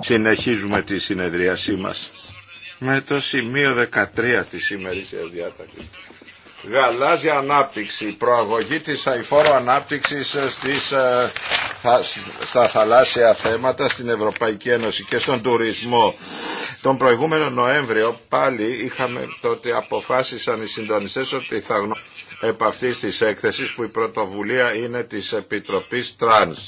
Συνεχίζουμε τη συνεδρίασή μας με το σημείο 13 της ημερήσιας διάταξης. Γαλάζια ανάπτυξη, προαγωγή της αηφόρου ανάπτυξης ε, στις, ε, στα θαλάσσια θέματα στην Ευρωπαϊκή Ένωση και στον τουρισμό. Τον προηγούμενο Νοέμβριο πάλι είχαμε τότε αποφάσισαν οι συντονιστές ότι θα γνωρίζουν επ' αυτής της έκθεσης που η πρωτοβουλία είναι της Επιτροπής Τρανς.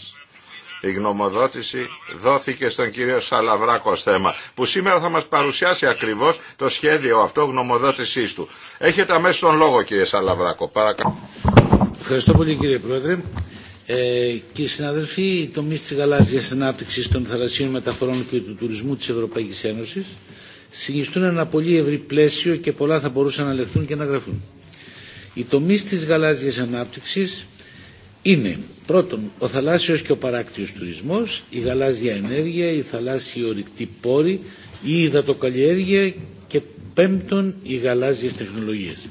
Η γνωμοδότηση δόθηκε στον κύριο Σαλαβράκο θέμα, που σήμερα θα μας παρουσιάσει ακριβώς το σχέδιο αυτό γνωμοδότησής του. Έχετε αμέσως τον λόγο κύριε Σαλαβράκο. Παρακαλώ. Ευχαριστώ πολύ κύριε Πρόεδρε. Ε, οι συναδελφοί, οι τομεί τη γαλάζια ανάπτυξη των θαλασσίων μεταφορών και του τουρισμού τη Ευρωπαϊκή Ένωση συνιστούν ένα πολύ ευρύ πλαίσιο και πολλά θα μπορούσαν να λεχθούν και να γραφούν. Οι τομείς της γαλάζιας ανάπτυξης είναι πρώτον ο θαλάσσιος και ο παράκτιος τουρισμός, η γαλάζια ενέργεια, η θαλάσσια ορυκτή πόρη, η υδατοκαλλιέργεια και πέμπτον οι γαλάζιες τεχνολογίες.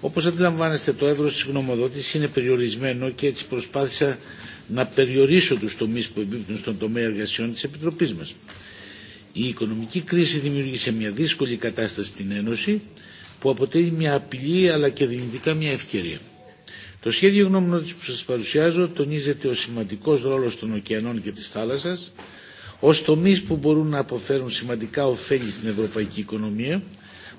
Όπως αντιλαμβάνεστε το έδρος της γνωμοδότησης είναι περιορισμένο και έτσι προσπάθησα να περιορίσω τους τομείς που εμπίπτουν στον τομέα εργασιών της Επιτροπής μας. Η οικονομική κρίση δημιούργησε μια δύσκολη κατάσταση στην Ένωση που αποτελεί μια απειλή αλλά και δυνητικά μια ευκαιρία. Το σχέδιο γνώμη που σας παρουσιάζω τονίζεται ο σημαντικός ρόλος των ωκεανών και της θάλασσας ως τομείς που μπορούν να αποφέρουν σημαντικά ωφέλη στην ευρωπαϊκή οικονομία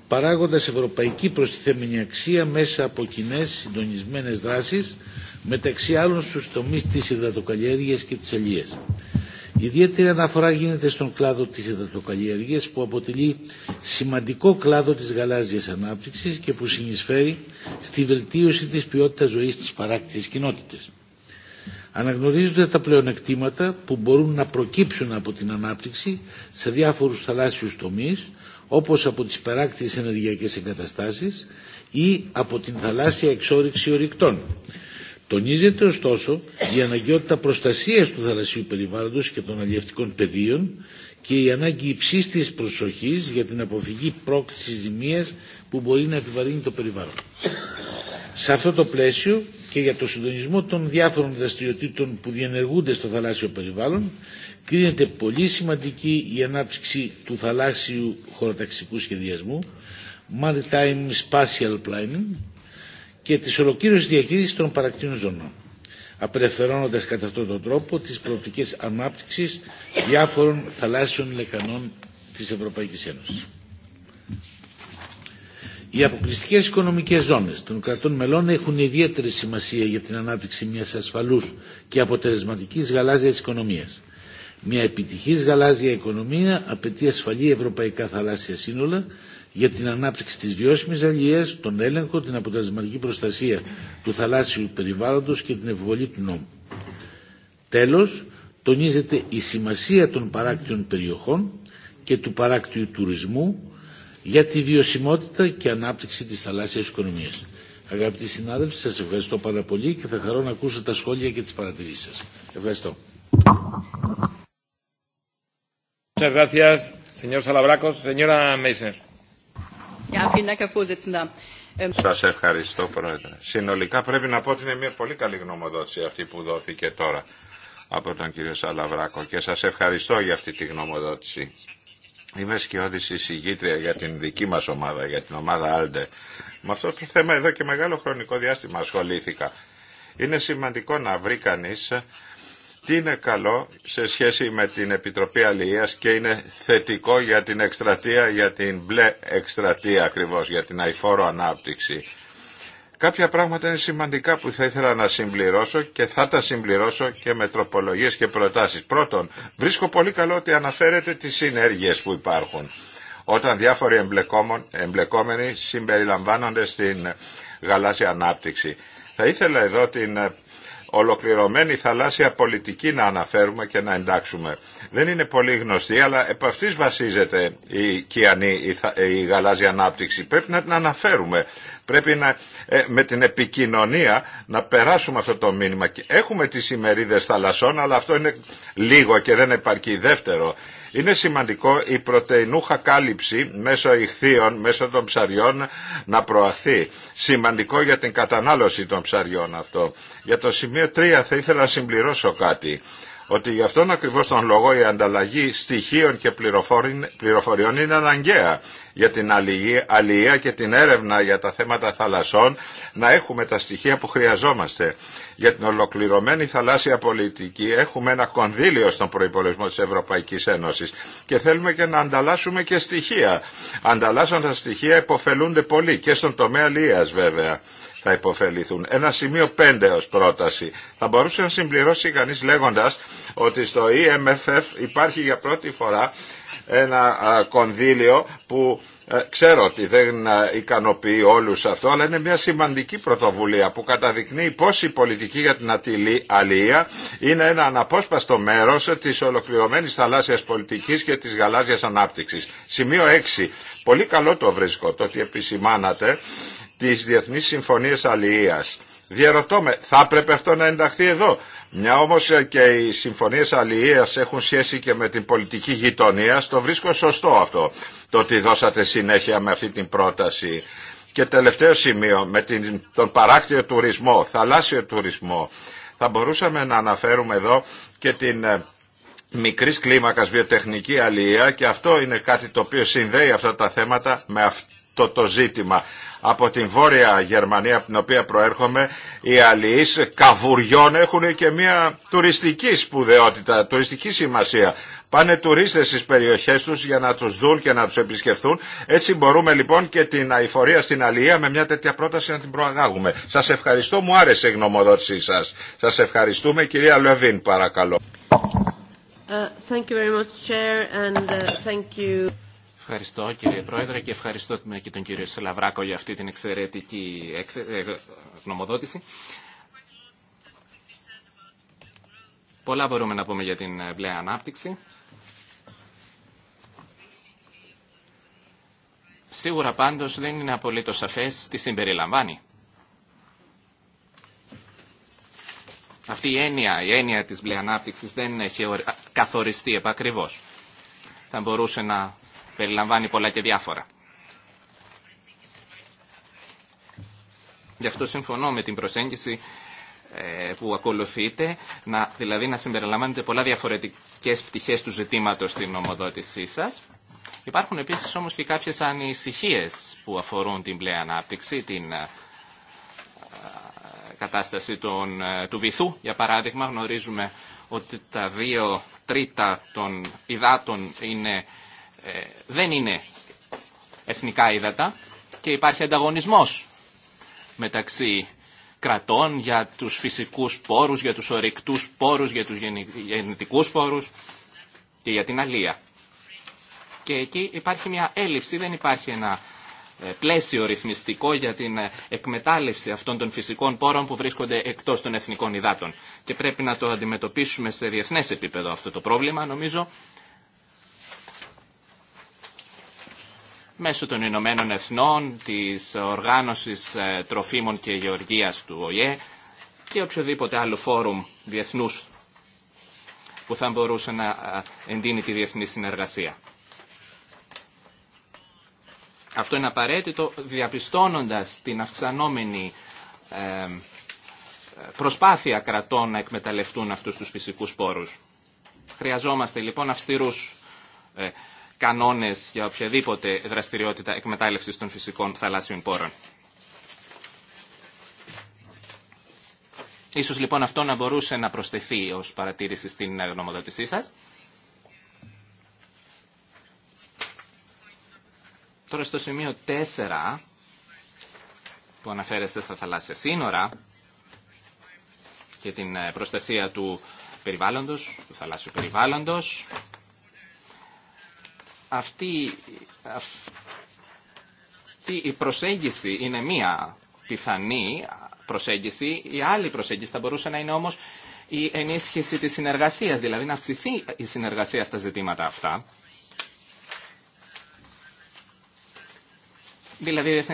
παράγοντας ευρωπαϊκή προστιθέμενη αξία μέσα από κοινέ συντονισμένες δράσεις μεταξύ άλλων στους τομείς της υδατοκαλλιέργειας και της ελίας. Ιδιαίτερη αναφορά γίνεται στον κλάδο της υδατοκαλλιέργεια που αποτελεί σημαντικό κλάδο της γαλάζιας ανάπτυξης και που συνεισφέρει στη βελτίωση της ποιότητας ζωής της παράκτησης κοινότητες. Αναγνωρίζονται τα πλεονεκτήματα που μπορούν να προκύψουν από την ανάπτυξη σε διάφορους θαλάσσιους τομείς όπως από τις παράκτιες ενεργειακές εγκαταστάσεις ή από την θαλάσσια εξόριξη ορυκτών Τονίζεται ωστόσο η αναγκαιότητα προστασία του θαλασσίου περιβάλλοντο και των αλλιευτικών πεδίων και η ανάγκη υψίστης προσοχή για την αποφυγή πρόκληση ζημία που μπορεί να επιβαρύνει το περιβάλλον. Σε αυτό το πλαίσιο και για το συντονισμό των διάφορων δραστηριοτήτων που διενεργούνται στο θαλάσσιο περιβάλλον κρίνεται πολύ σημαντική η ανάπτυξη του θαλάσσιου χωροταξικού σχεδιασμού Maritime Spatial Planning και της ολοκλήρωσης διαχείρισης των παρακτήνων ζωνών, απελευθερώνοντας κατά αυτόν τον τρόπο τις προοπτικές ανάπτυξης διάφορων θαλάσσιων λεκανών της Ευρωπαϊκής Ένωσης. Οι αποκλειστικέ οικονομικές ζώνες των κρατών μελών έχουν ιδιαίτερη σημασία για την ανάπτυξη μιας ασφαλούς και αποτελεσματικής γαλάζιας οικονομίας. Μια επιτυχής γαλάζια οικονομία απαιτεί ασφαλή ευρωπαϊκά θαλάσσια σύνολα για την ανάπτυξη της βιώσιμης αλληλείας, τον έλεγχο, την αποτελεσματική προστασία του θαλάσσιου περιβάλλοντος και την ευβολή του νόμου. Τέλος, τονίζεται η σημασία των παράκτιων περιοχών και του παράκτιου τουρισμού για τη βιωσιμότητα και ανάπτυξη της θαλάσσιας οικονομίας. Αγαπητοί συνάδελφοι, σας ευχαριστώ πάρα πολύ και θα χαρώ να ακούσω τα σχόλια και τις παρατηρήσεις σας. Ευχαριστώ. gracias, señor Salabracos. Señora Ähm, σας ευχαριστώ Πρόεδρε. Συνολικά πρέπει να πω ότι είναι μια πολύ καλή γνωμοδότηση αυτή που δόθηκε τώρα από τον κύριο Σαλαβράκο και σας ευχαριστώ για αυτή τη γνωμοδότηση. Είμαι σκιώδης εισηγήτρια για την δική μας ομάδα, για την ομάδα Άλντε. Με αυτό το θέμα εδώ και μεγάλο χρονικό διάστημα ασχολήθηκα. Είναι σημαντικό να βρει κανείς τι είναι καλό σε σχέση με την Επιτροπή Αλληλείας και είναι θετικό για την εκστρατεία, για την μπλε εκστρατεία ακριβώς, για την αηφόρο ανάπτυξη. Κάποια πράγματα είναι σημαντικά που θα ήθελα να συμπληρώσω και θα τα συμπληρώσω και με τροπολογίες και προτάσεις. Πρώτον, βρίσκω πολύ καλό ότι αναφέρετε τις συνέργειες που υπάρχουν. Όταν διάφοροι εμπλεκόμενοι συμπεριλαμβάνονται στην γαλάζια ανάπτυξη. Θα ήθελα εδώ την ολοκληρωμένη θαλάσσια πολιτική να αναφέρουμε και να εντάξουμε. Δεν είναι πολύ γνωστή, αλλά επ' αυτής βασίζεται η κιανή, η γαλάζια ανάπτυξη. Πρέπει να την αναφέρουμε. Πρέπει να, ε, με την επικοινωνία να περάσουμε αυτό το μήνυμα. Έχουμε τις ημερίδες θαλασσών, αλλά αυτό είναι λίγο και δεν επαρκεί. Δεύτερο, είναι σημαντικό η πρωτεϊνούχα κάλυψη μέσω ηχθείων, μέσω των ψαριών να προαθεί. Σημαντικό για την κατανάλωση των ψαριών αυτό. Για το σημείο 3 θα ήθελα να συμπληρώσω κάτι ότι γι' αυτόν ακριβώ τον λόγο η ανταλλαγή στοιχείων και πληροφοριών είναι αναγκαία για την αλληλεία και την έρευνα για τα θέματα θαλασσών να έχουμε τα στοιχεία που χρειαζόμαστε. Για την ολοκληρωμένη θαλάσσια πολιτική έχουμε ένα κονδύλιο στον προϋπολογισμό της Ευρωπαϊκής Ένωσης και θέλουμε και να ανταλλάσσουμε και στοιχεία. Ανταλλάσσοντα στοιχεία υποφελούνται πολύ και στον τομέα αλληλεία βέβαια θα υποφεληθούν. Ένα σημείο 5 ως πρόταση. Θα μπορούσε να συμπληρώσει κανείς λέγοντας ότι στο EMFF υπάρχει για πρώτη φορά ένα κονδύλιο που ε, ξέρω ότι δεν ικανοποιεί όλους αυτό, αλλά είναι μια σημαντική πρωτοβουλία που καταδεικνύει πώς η πολιτική για την ατυλή αλληλεία είναι ένα αναπόσπαστο μέρος της ολοκληρωμένης θαλάσσιας πολιτικής και της γαλάζιας ανάπτυξης. Σημείο 6. Πολύ καλό το βρίσκω το ότι επισημάνατε τις Διεθνείς Συμφωνίες Αλληλείας. Διαρωτώ με, θα έπρεπε αυτό να ενταχθεί εδώ. Μια όμως ε, και οι συμφωνίες αλληλείας έχουν σχέση και με την πολιτική γειτονία, το βρίσκω σωστό αυτό, το ότι δώσατε συνέχεια με αυτή την πρόταση. Και τελευταίο σημείο, με την, τον παράκτιο τουρισμό, θαλάσσιο τουρισμό, θα μπορούσαμε να αναφέρουμε εδώ και την ε, μικρής κλίμακας βιοτεχνική αλληλεία και αυτό είναι κάτι το οποίο συνδέει αυτά τα θέματα με αυτό το, το ζήτημα. Από την Βόρεια Γερμανία, από την οποία προέρχομαι, οι αλληλείς καβουριών έχουν και μια τουριστική σπουδαιότητα, τουριστική σημασία. Πάνε τουρίστες στις περιοχές τους για να τους δουν και να τους επισκεφθούν. Έτσι μπορούμε λοιπόν και την αηφορία στην αλληλεία με μια τέτοια πρόταση να την προαγάγουμε. Σας ευχαριστώ, μου άρεσε η γνωμοδότησή σας. Σας ευχαριστούμε, κυρία Λεβίν παρακαλώ. Uh, thank you very much, Chair, and uh, thank you. Ευχαριστώ κύριε Πρόεδρε και ευχαριστώ και τον κύριο Σελαβράκο για αυτή την εξαιρετική ε, γνωμοδότηση. Πολλά μπορούμε να πούμε για την ε, μπλε ανάπτυξη. Σίγουρα πάντως δεν είναι απολύτω σαφές τι συμπεριλαμβάνει. Αυτή η έννοια, η έννοια της μπλε ανάπτυξης δεν έχει καθοριστεί επακριβώς. Θα μπορούσε να περιλαμβάνει πολλά και διάφορα. Γι' αυτό συμφωνώ με την προσέγγιση ε, που ακολουθείτε, να, δηλαδή να συμπεριλαμβάνετε πολλά διαφορετικές πτυχές του ζητήματος στην ομοδότησή σας. Υπάρχουν επίσης όμως και κάποιες ανησυχίες που αφορούν την πλέον ανάπτυξη, την ε, ε, κατάσταση των, του βυθού. Για παράδειγμα γνωρίζουμε ότι τα δύο τρίτα των υδάτων είναι ε, δεν είναι εθνικά ύδατα και υπάρχει ανταγωνισμός μεταξύ κρατών για τους φυσικούς πόρους, για τους ορυκτούς πόρους, για τους γενετικούς πόρους και για την αλία. Και εκεί υπάρχει μια έλλειψη, δεν υπάρχει ένα ε, πλαίσιο ρυθμιστικό για την ε, εκμετάλλευση αυτών των φυσικών πόρων που βρίσκονται εκτός των εθνικών υδάτων. Και πρέπει να το αντιμετωπίσουμε σε διεθνές επίπεδο αυτό το πρόβλημα, νομίζω, μέσω των Ηνωμένων Εθνών, της Οργάνωσης ε, Τροφίμων και Γεωργίας του ΟΗΕ και οποιοδήποτε άλλο φόρουμ διεθνούς που θα μπορούσε να ε, εντείνει τη διεθνή συνεργασία. Αυτό είναι απαραίτητο διαπιστώνοντας την αυξανόμενη ε, προσπάθεια κρατών να εκμεταλλευτούν αυτούς τους φυσικούς πόρους. Χρειαζόμαστε λοιπόν αυστηρούς κανόνες για οποιαδήποτε δραστηριότητα εκμετάλλευσης των φυσικών θαλάσσιων πόρων. Ίσως λοιπόν αυτό να μπορούσε να προσθεθεί ως παρατήρηση στην γνωμοδότησή σας. Τώρα στο σημείο 4 που αναφέρεστε στα θαλάσσια σύνορα και την ε, προστασία του περιβάλλοντος, του θαλάσσιου περιβάλλοντος, αυτή, η προσέγγιση είναι μία πιθανή προσέγγιση. Η άλλη προσέγγιση θα μπορούσε να είναι όμως η ενίσχυση της συνεργασίας, δηλαδή να αυξηθεί η συνεργασία στα ζητήματα αυτά. Δηλαδή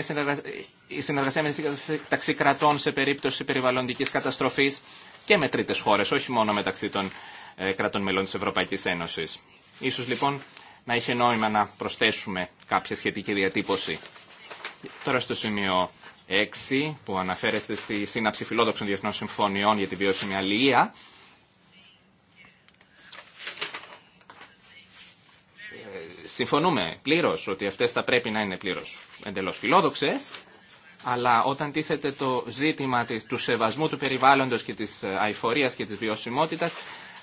η συνεργασία μεταξύ κρατών σε περίπτωση περιβαλλοντικής καταστροφής και με τρίτες χώρες, όχι μόνο μεταξύ των ε, κρατών μελών της Ευρωπαϊκής Ένωσης. Ίσως λοιπόν να είχε νόημα να προσθέσουμε κάποια σχετική διατύπωση. Τώρα στο σημείο 6 που αναφέρεστε στη σύναψη φιλόδοξων διεθνών συμφωνιών για τη βιώσιμη αλληλεία. Ε, συμφωνούμε πλήρως ότι αυτές θα πρέπει να είναι πλήρως εντελώς φιλόδοξες, αλλά όταν τίθεται το ζήτημα του σεβασμού του περιβάλλοντος και της ε, αηφορίας και της βιωσιμότητας,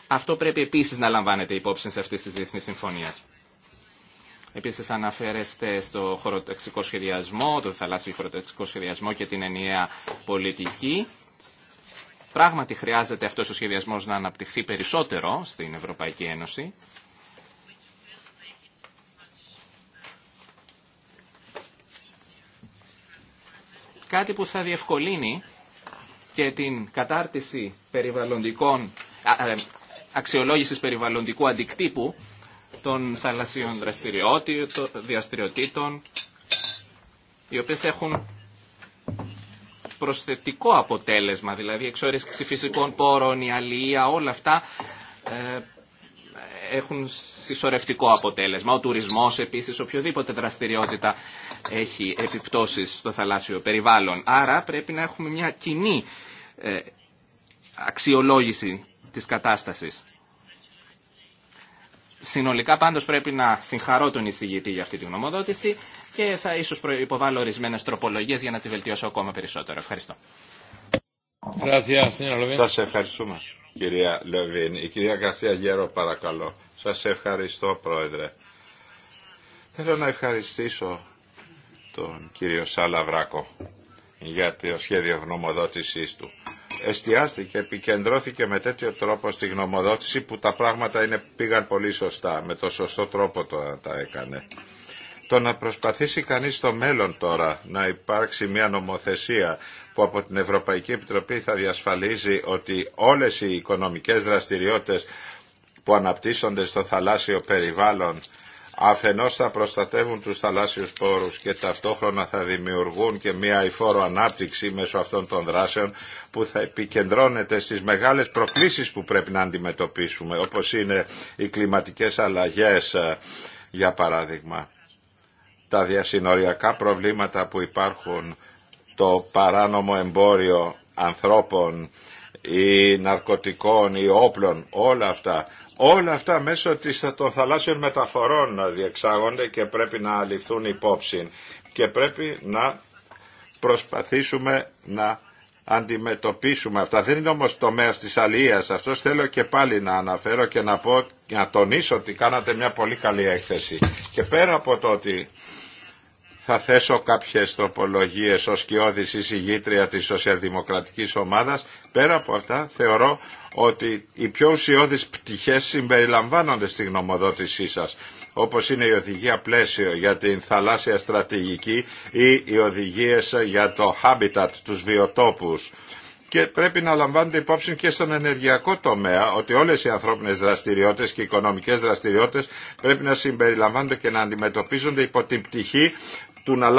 αυτό πρέπει επίσης να λαμβάνεται υπόψη σε αυτές τις διεθνείς συμφωνίες. Επίση αναφέρεστε στο χωροτεξικό σχεδιασμό, το θαλάσσιο χωροτεξικό σχεδιασμό και την ενιαία πολιτική. Πράγματι χρειάζεται αυτός ο σχεδιασμό να αναπτυχθεί περισσότερο στην Ευρωπαϊκή Ένωση. Κάτι που θα διευκολύνει και την κατάρτιση περιβαλλοντικών, ε, αξιολόγησης περιβαλλοντικού αντικτύπου των θαλασσίων δραστηριοτήτων, οι οποίες έχουν προσθετικό αποτέλεσμα, δηλαδή εξόρισξη φυσικών πόρων, η αλληλεία, όλα αυτά ε, έχουν συσσωρευτικό αποτέλεσμα. Ο τουρισμός επίσης, οποιοδήποτε δραστηριότητα έχει επιπτώσεις στο θαλάσσιο περιβάλλον. Άρα πρέπει να έχουμε μια κοινή ε, αξιολόγηση της κατάστασης. Συνολικά πάντως πρέπει να συγχαρώ τον εισηγητή για αυτή τη γνωμοδότηση και θα ίσως υποβάλω ορισμένε τροπολογίες για να τη βελτιώσω ακόμα περισσότερο. Ευχαριστώ. σε ευχαριστούμε κυρία Λεβίν. Η κυρία Γκαρσία Γέρο παρακαλώ. Σας ευχαριστώ πρόεδρε. Θέλω να ευχαριστήσω τον κύριο Σαλαβράκο για το σχέδιο γνωμοδότησής του εστιάστηκε, επικεντρώθηκε με τέτοιο τρόπο στη γνωμοδότηση που τα πράγματα είναι, πήγαν πολύ σωστά, με το σωστό τρόπο το, τα έκανε. Το να προσπαθήσει κανείς στο μέλλον τώρα να υπάρξει μια νομοθεσία που από την Ευρωπαϊκή Επιτροπή θα διασφαλίζει ότι όλες οι οικονομικές δραστηριότητες που αναπτύσσονται στο θαλάσσιο περιβάλλον αφενός θα προστατεύουν τους θαλάσσιους πόρους και ταυτόχρονα θα δημιουργούν και μια υφόρο ανάπτυξη μέσω αυτών των δράσεων που θα επικεντρώνεται στις μεγάλες προκλήσεις που πρέπει να αντιμετωπίσουμε όπως είναι οι κλιματικές αλλαγές ε, για παράδειγμα. Τα διασυνοριακά προβλήματα που υπάρχουν, το παράνομο εμπόριο ανθρώπων ή ναρκωτικών ή όπλων, όλα αυτά Όλα αυτά μέσω της, των θαλάσσιων μεταφορών να διεξάγονται και πρέπει να αληθούν υπόψη και πρέπει να προσπαθήσουμε να αντιμετωπίσουμε αυτά. Δεν είναι όμως τομέας της αλληλείας. Αυτό θέλω και πάλι να αναφέρω και να, πω, να τονίσω ότι κάνατε μια πολύ καλή έκθεση. Και πέρα από το ότι θα θέσω κάποιες τροπολογίες ως κοιόδης εισηγήτρια της Σοσιαλδημοκρατικής Ομάδας. Πέρα από αυτά θεωρώ ότι οι πιο ουσιώδεις πτυχές συμπεριλαμβάνονται στη γνωμοδότησή σας όπως είναι η οδηγία πλαίσιο για την θαλάσσια στρατηγική ή οι οδηγίες για το habitat, τους βιοτόπους. Και πρέπει να λαμβάνονται υπόψη και στον ενεργειακό τομέα ότι όλε οι ανθρώπινε δραστηριότητε και οι οικονομικέ δραστηριότητε πρέπει να συμπεριλαμβάνονται και να αντιμετωπίζονται υπό την πτυχή του να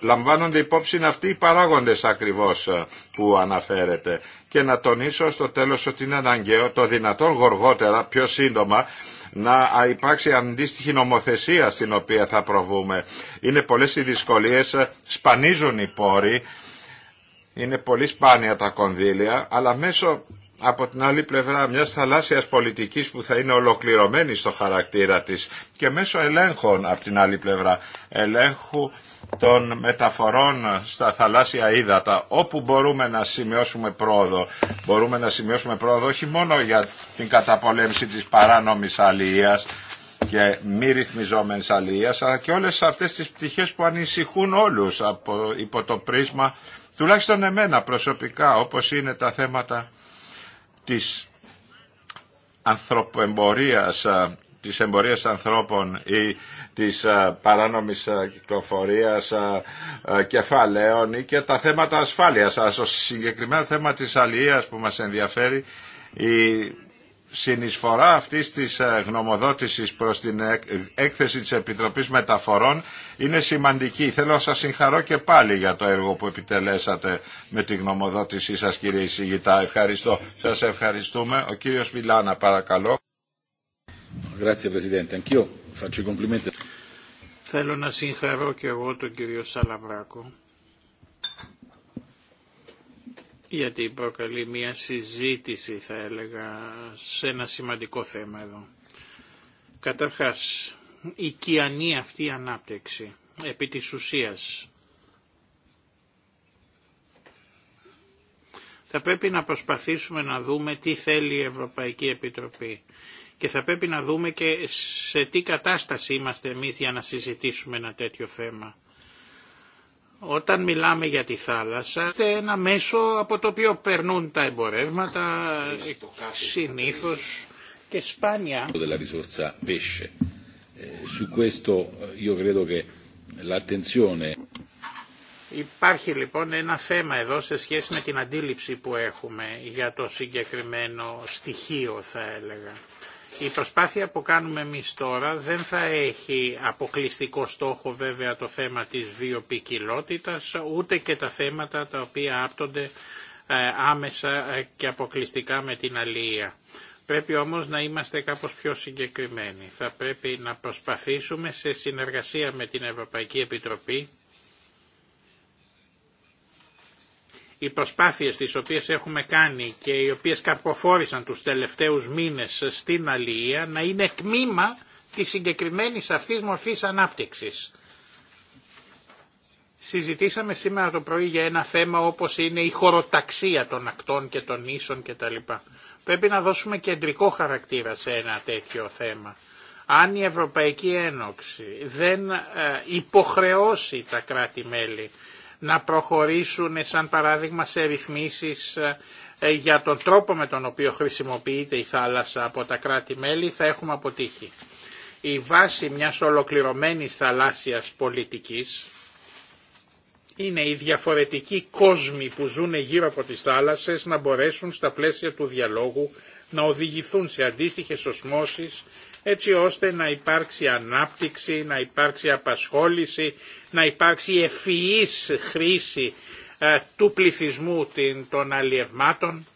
λαμβάνονται υπόψη αυτοί οι παράγοντες ακριβώς ε, που αναφέρεται. Και να τονίσω στο τέλος ότι είναι αναγκαίο το δυνατόν γοργότερα, πιο σύντομα, να υπάρξει αντίστοιχη νομοθεσία στην οποία θα προβούμε. Είναι πολλές οι δυσκολίες, ε, σπανίζουν οι πόροι, είναι πολύ σπάνια τα κονδύλια, αλλά μέσω από την άλλη πλευρά μιας θαλάσσιας πολιτικής που θα είναι ολοκληρωμένη στο χαρακτήρα της και μέσω ελέγχων από την άλλη πλευρά, ελέγχου των μεταφορών στα θαλάσσια ύδατα, όπου μπορούμε να σημειώσουμε πρόοδο. Μπορούμε να σημειώσουμε πρόοδο όχι μόνο για την καταπολέμηση της παράνομης αλληλείας, και μη ρυθμιζόμενης αλληλείας αλλά και όλες αυτές τις πτυχές που ανησυχούν όλους από, υπό το πρίσμα τουλάχιστον εμένα προσωπικά όπως είναι τα θέματα της ανθρωποεμπορίας, της εμπορίας ανθρώπων ή της παράνομης κυκλοφορίας κεφαλαίων ή και τα θέματα ασφάλειας. στο συγκεκριμένο θέμα της αλληλείας που μας ενδιαφέρει η συνεισφορά αυτής της ε, γνωμοδότησης προς την ε, έκθεση της Επιτροπής Μεταφορών είναι σημαντική. Θέλω να σας συγχαρώ και πάλι για το έργο που επιτελέσατε με τη γνωμοδότησή σας κύριε Ισηγητά. Ευχαριστώ. Σας ευχαριστούμε. Ο κύριος Βιλάνα παρακαλώ. Θέλω να συγχαρώ και εγώ τον κύριο Σαλαβράκο γιατί προκαλεί μια συζήτηση θα έλεγα σε ένα σημαντικό θέμα εδώ. Καταρχάς, η κιανή αυτή ανάπτυξη επί της ουσίας θα πρέπει να προσπαθήσουμε να δούμε τι θέλει η Ευρωπαϊκή Επιτροπή και θα πρέπει να δούμε και σε τι κατάσταση είμαστε εμείς για να συζητήσουμε ένα τέτοιο θέμα. Όταν μιλάμε για τη θάλασσα, είναι ένα μέσο από το οποίο περνούν τα εμπορεύματα συνήθω και σπάνια. Ε, eh, Υπάρχει λοιπόν ένα θέμα εδώ σε σχέση με την αντίληψη που έχουμε για το συγκεκριμένο στοιχείο θα έλεγα. Η προσπάθεια που κάνουμε εμείς τώρα δεν θα έχει αποκλειστικό στόχο βέβαια το θέμα της βιοπικιλότητας, ούτε και τα θέματα τα οποία άπτονται ε, άμεσα ε, και αποκλειστικά με την αλληλεία. Πρέπει όμως να είμαστε κάπως πιο συγκεκριμένοι. Θα πρέπει να προσπαθήσουμε σε συνεργασία με την Ευρωπαϊκή Επιτροπή οι προσπάθειες τις οποίες έχουμε κάνει και οι οποίες καρποφόρησαν τους τελευταίους μήνες στην Αλληλία να είναι τμήμα της συγκεκριμένης αυτής μορφής ανάπτυξης. Συζητήσαμε σήμερα το πρωί για ένα θέμα όπως είναι η χωροταξία των ακτών και των ίσων κτλ. Πρέπει να δώσουμε κεντρικό χαρακτήρα σε ένα τέτοιο θέμα. Αν η Ευρωπαϊκή Ένωση δεν ε, υποχρεώσει τα κράτη-μέλη να προχωρήσουν σαν παράδειγμα σε ρυθμίσεις ε, ε, για τον τρόπο με τον οποίο χρησιμοποιείται η θάλασσα από τα κράτη-μέλη θα έχουμε αποτύχει. Η βάση μιας ολοκληρωμένης θαλάσσιας πολιτικής είναι οι διαφορετικοί κόσμοι που ζουν γύρω από τις θάλασσες να μπορέσουν στα πλαίσια του διαλόγου να οδηγηθούν σε αντίστοιχες οσμώσεις έτσι ώστε να υπάρξει ανάπτυξη, να υπάρξει απασχόληση, να υπάρξει ευφυής χρήση ε, του πληθυσμού των αλλιευμάτων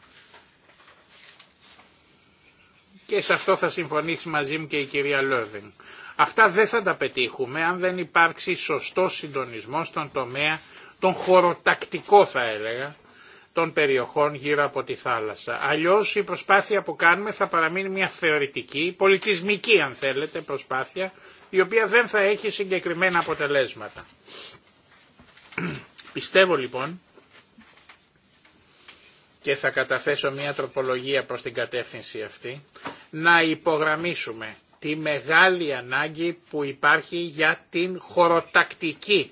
και σε αυτό θα συμφωνήσει μαζί μου και η κυρία Λόδινγκ. Αυτά δεν θα τα πετύχουμε αν δεν υπάρξει σωστό συντονισμό στον τομέα, τον χωροτακτικό θα έλεγα, των περιοχών γύρω από τη θάλασσα. Αλλιώς η προσπάθεια που κάνουμε θα παραμείνει μια θεωρητική, πολιτισμική αν θέλετε προσπάθεια, η οποία δεν θα έχει συγκεκριμένα αποτελέσματα. Πιστεύω λοιπόν και θα καταθέσω μια τροπολογία προς την κατεύθυνση αυτή, να υπογραμμίσουμε τη μεγάλη ανάγκη που υπάρχει για την χωροτακτική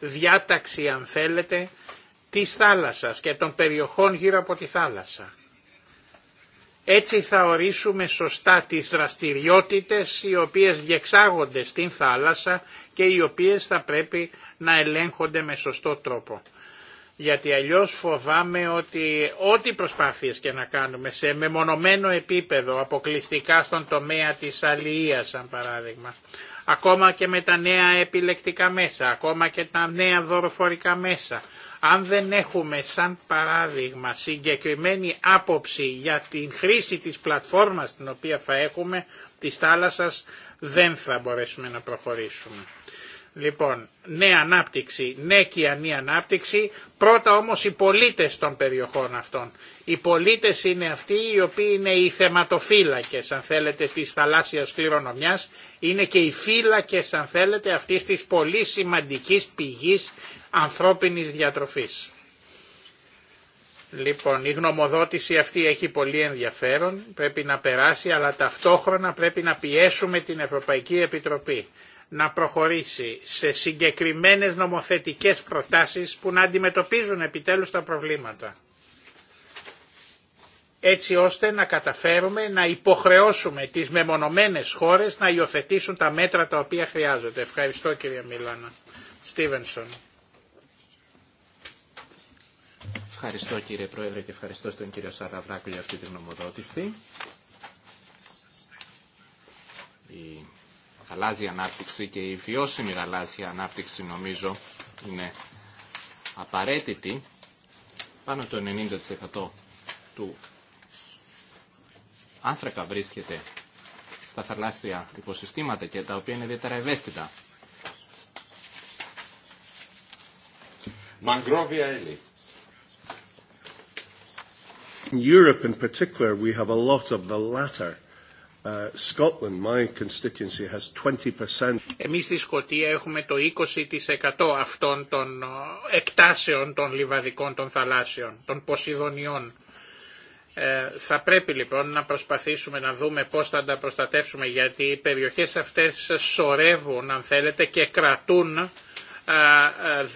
διάταξη αν θέλετε της θάλασσας και των περιοχών γύρω από τη θάλασσα. Έτσι θα ορίσουμε σωστά τις δραστηριότητες οι οποίες διεξάγονται στην θάλασσα και οι οποίες θα πρέπει να ελέγχονται με σωστό τρόπο. Γιατί αλλιώς φοβάμαι ότι ό,τι προσπάθειες και να κάνουμε σε μεμονωμένο επίπεδο, αποκλειστικά στον τομέα της αλληλείας σαν παράδειγμα, ακόμα και με τα νέα επιλεκτικά μέσα, ακόμα και τα νέα δωροφορικά μέσα, αν δεν έχουμε σαν παράδειγμα συγκεκριμένη άποψη για την χρήση της πλατφόρμας την οποία θα έχουμε της θάλασσας δεν θα μπορέσουμε να προχωρήσουμε. Λοιπόν, νέα ανάπτυξη, ναι και ανάπτυξη, πρώτα όμως οι πολίτες των περιοχών αυτών. Οι πολίτες είναι αυτοί οι οποίοι είναι οι θεματοφύλακες, αν θέλετε, της θαλάσσιας κληρονομιάς, είναι και οι φύλακες, αν θέλετε, αυτής της πολύ σημαντικής πηγής ανθρώπινης διατροφής. Λοιπόν, η γνωμοδότηση αυτή έχει πολύ ενδιαφέρον, πρέπει να περάσει, αλλά ταυτόχρονα πρέπει να πιέσουμε την Ευρωπαϊκή Επιτροπή να προχωρήσει σε συγκεκριμένες νομοθετικές προτάσεις που να αντιμετωπίζουν επιτέλους τα προβλήματα. Έτσι ώστε να καταφέρουμε να υποχρεώσουμε τις μεμονωμένες χώρες να υιοθετήσουν τα μέτρα τα οποία χρειάζονται. Ευχαριστώ κύριε Μιλάνα. Στίβενσον. Ευχαριστώ κύριε Πρόεδρε και ευχαριστώ στον κύριο Σαραβράκου για αυτή την νομοδότηση γαλάζια ανάπτυξη και η βιώσιμη γαλάζια ανάπτυξη νομίζω είναι απαραίτητη. Πάνω το 90% του άνθρακα βρίσκεται στα θαλάσσια υποσυστήματα και τα οποία είναι ιδιαίτερα ευαίσθητα. Μαγκρόβια έλλη. In Europe in particular we have a lot of the latter Uh, Scotland, Εμείς στη Σκοτία έχουμε το 20% αυτών των ε, εκτάσεων των λιβαδικών των θαλάσσιων, των Ποσειδονιών. Ε, θα πρέπει λοιπόν να προσπαθήσουμε να δούμε πώς θα τα προστατεύσουμε γιατί οι περιοχές αυτές σορεύουν αν θέλετε και κρατούν ε,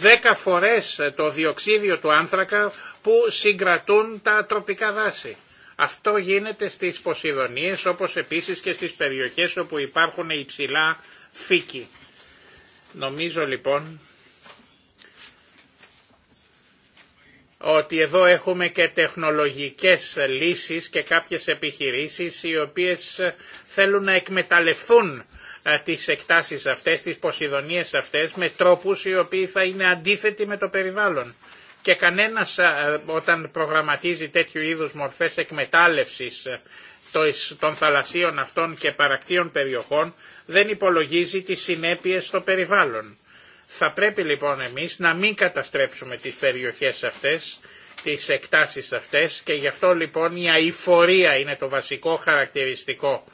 δέκα φορές το διοξίδιο του άνθρακα που συγκρατούν τα τροπικά δάση. Αυτό γίνεται στις Ποσειδονίες όπως επίσης και στις περιοχές όπου υπάρχουν υψηλά φύκη. Νομίζω λοιπόν ότι εδώ έχουμε και τεχνολογικές λύσεις και κάποιες επιχειρήσεις οι οποίες θέλουν να εκμεταλλευτούν ε, τις εκτάσεις αυτές, τις ποσειδονίες αυτές με τρόπους οι οποίοι θα είναι αντίθετοι με το περιβάλλον και κανένας όταν προγραμματίζει τέτοιου είδους μορφές εκμετάλλευσης των θαλασσίων αυτών και παρακτήων περιοχών δεν υπολογίζει τις συνέπειες στο περιβάλλον. Θα πρέπει λοιπόν εμείς να μην καταστρέψουμε τις περιοχές αυτές, τις εκτάσεις αυτές και γι' αυτό λοιπόν η αηφορία είναι το βασικό χαρακτηριστικό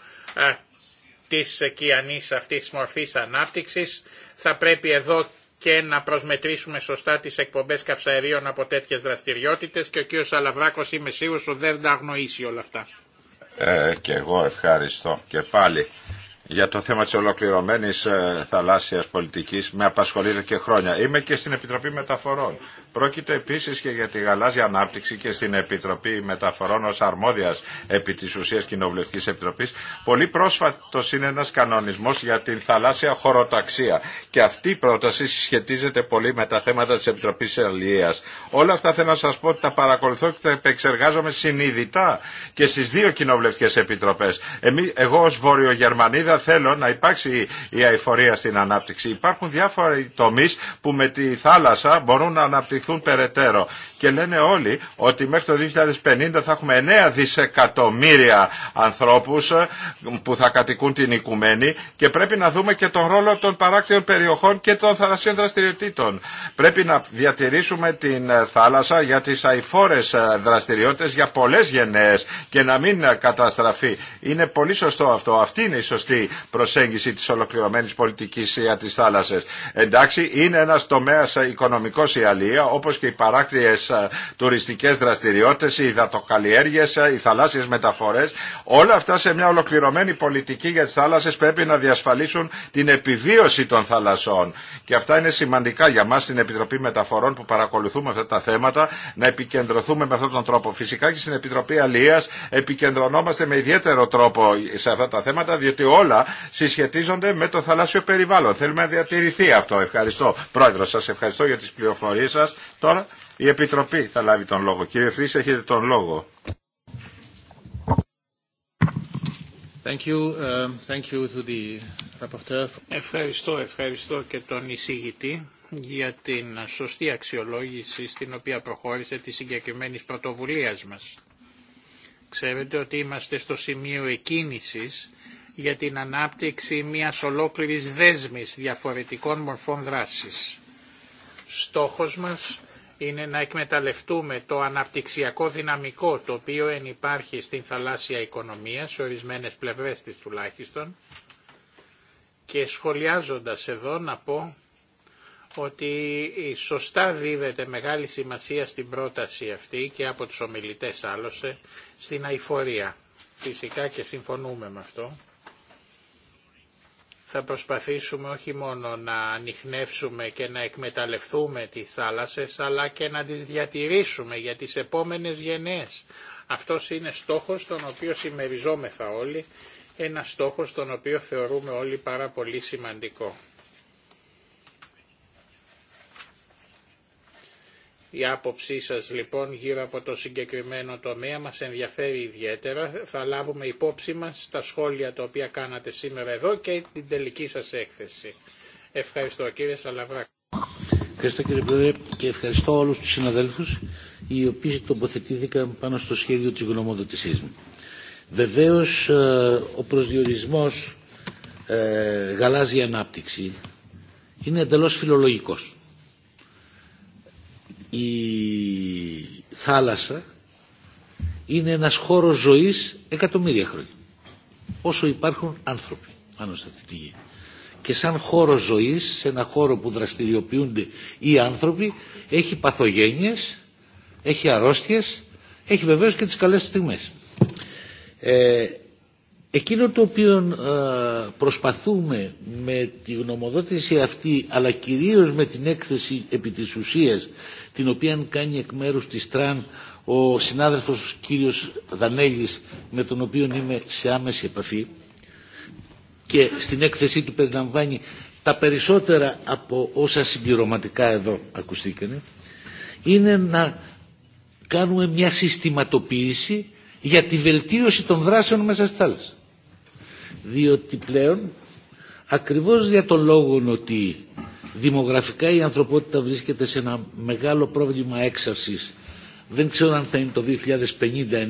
της κιανής αυτής μορφής ανάπτυξης. Θα πρέπει εδώ και να προσμετρήσουμε σωστά τις εκπομπές καυσαερίων από τέτοιες δραστηριότητες και ο κύριος Σαλαβράκος είμαι σίγουρος ότι δεν τα αγνοήσει όλα αυτά. Ε, και εγώ ευχαριστώ και πάλι για το θέμα της ολοκληρωμένης ε, θαλάσσιας πολιτικής με απασχολείται και χρόνια. Είμαι και στην Επιτροπή Μεταφορών Πρόκειται επίση και για τη γαλάζια ανάπτυξη και στην Επιτροπή Μεταφορών ω αρμόδια επί τη ουσία κοινοβουλευτική Επιτροπής. Πολύ πρόσφατο είναι ένα κανονισμό για την θαλάσσια χωροταξία και αυτή η πρόταση σχετίζεται πολύ με τα θέματα τη επιτροπή ελληνία. Όλα αυτά θέλω να σα πω ότι τα παρακολουθώ και τα επεξεργάζομαι συνειδητά και στι δύο κοινοβουλευτικέ επιτροπέ. Εγώ εγώ Βόρειο Γερμανίδα θέλω να υπάρξει η αηφορία στην ανάπτυξη. Υπάρχουν διάφοροι τομεί που με τη θάλασσα μπορούν να αναπτυχθούν περαιτέρω. Και λένε όλοι ότι μέχρι το 2050 θα έχουμε 9 δισεκατομμύρια ανθρώπους ε, που θα κατοικούν την οικουμένη και πρέπει να δούμε και τον ρόλο των παράκτιων περιοχών και των θαλασσίων δραστηριοτήτων. Πρέπει να διατηρήσουμε την ε, θάλασσα για τις αηφόρες ε, δραστηριότητες για πολλές γενναίες και να μην καταστραφεί. Είναι πολύ σωστό αυτό. Αυτή είναι η σωστή προσέγγιση της ολοκληρωμένης πολιτικής για τις θάλασσες. Εντάξει, είναι ένας τομέας οικονομικός η αλία, όπως και οι παράκτιες ε, τουριστικές δραστηριότητες, οι υδατοκαλλιέργειες, ε, οι θαλάσσιες μεταφορές. Όλα αυτά σε μια ολοκληρωμένη πολιτική για τις θάλασσες πρέπει να διασφαλίσουν την επιβίωση των θαλασσών. Και αυτά είναι σημαντικά για μας στην Επιτροπή Μεταφορών που παρακολουθούμε αυτά τα θέματα, να επικεντρωθούμε με αυτόν τον τρόπο. Φυσικά και στην Επιτροπή Αλίας επικεντρωνόμαστε με ιδιαίτερο τρόπο σε αυτά τα θέματα, διότι όλα συσχετίζονται με το θαλάσσιο περιβάλλον. Θέλουμε να διατηρηθεί αυτό. Ευχαριστώ. Πρόεδρο, σας ευχαριστώ για τις πληροφορίες σας. Τώρα η Επιτροπή θα λάβει τον λόγο. Κύριε Φρύση έχετε τον λόγο. Thank you. Um, thank you to the ευχαριστώ, ευχαριστώ και τον εισηγητή για την σωστή αξιολόγηση στην οποία προχώρησε τη συγκεκριμένη πρωτοβουλία μας. Ξέρετε ότι είμαστε στο σημείο εκκίνησης για την ανάπτυξη μιας ολόκληρης δέσμης διαφορετικών μορφών δράσης. Στόχος μας είναι να εκμεταλλευτούμε το αναπτυξιακό δυναμικό το οποίο ενυπάρχει στην θαλάσσια οικονομία, σε ορισμένες πλευρές της τουλάχιστον, και σχολιάζοντας εδώ να πω ότι σωστά δίδεται μεγάλη σημασία στην πρόταση αυτή και από τους ομιλητές άλλωστε στην αηφορία. Φυσικά και συμφωνούμε με αυτό θα προσπαθήσουμε όχι μόνο να ανοιχνεύσουμε και να εκμεταλλευτούμε τις θάλασσες, αλλά και να τις διατηρήσουμε για τις επόμενες γενναίες. Αυτός είναι στόχος τον οποίο συμμεριζόμεθα όλοι, ένα στόχος τον οποίο θεωρούμε όλοι πάρα πολύ σημαντικό. Η άποψή σας λοιπόν γύρω από το συγκεκριμένο τομέα μας ενδιαφέρει ιδιαίτερα. Θα λάβουμε υπόψη μας τα σχόλια τα οποία κάνατε σήμερα εδώ και την τελική σας έκθεση. Ευχαριστώ κύριε Σαλαβράκη. Ευχαριστώ κύριε Πρόεδρε και ευχαριστώ όλους τους συναδέλφους οι οποίοι τοποθετήθηκαν πάνω στο σχέδιο της γνωμοδοτησής μου. Βεβαίως ε, ο προσδιορισμός ε, γαλάζια ανάπτυξη είναι εντελώς φιλολογικός η θάλασσα είναι ένας χώρος ζωής εκατομμύρια χρόνια. Όσο υπάρχουν άνθρωποι πάνω σε αυτή τη γη. Και σαν χώρο ζωής, σε ένα χώρο που δραστηριοποιούνται οι άνθρωποι, έχει παθογένειες, έχει αρρώστιες, έχει βεβαίως και τις καλές στιγμές. Ε, εκείνο το οποίο ε, προσπαθούμε με τη γνωμοδότηση αυτή αλλά κυρίως με την έκθεση επί της ουσίας την οποία κάνει εκ μέρους της ΤΡΑΝ ο συνάδελφος κύριος Δανέλης με τον οποίο είμαι σε άμεση επαφή και στην έκθεσή του περιλαμβάνει τα περισσότερα από όσα συμπληρωματικά εδώ ακουστήκανε είναι να κάνουμε μια συστηματοποίηση για τη βελτίωση των δράσεων μέσα στη θάλασσα. Διότι πλέον ακριβώς για τον λόγο ότι Δημογραφικά η ανθρωπότητα βρίσκεται σε ένα μεγάλο πρόβλημα έξαρσης. Δεν ξέρω αν θα είναι το 2059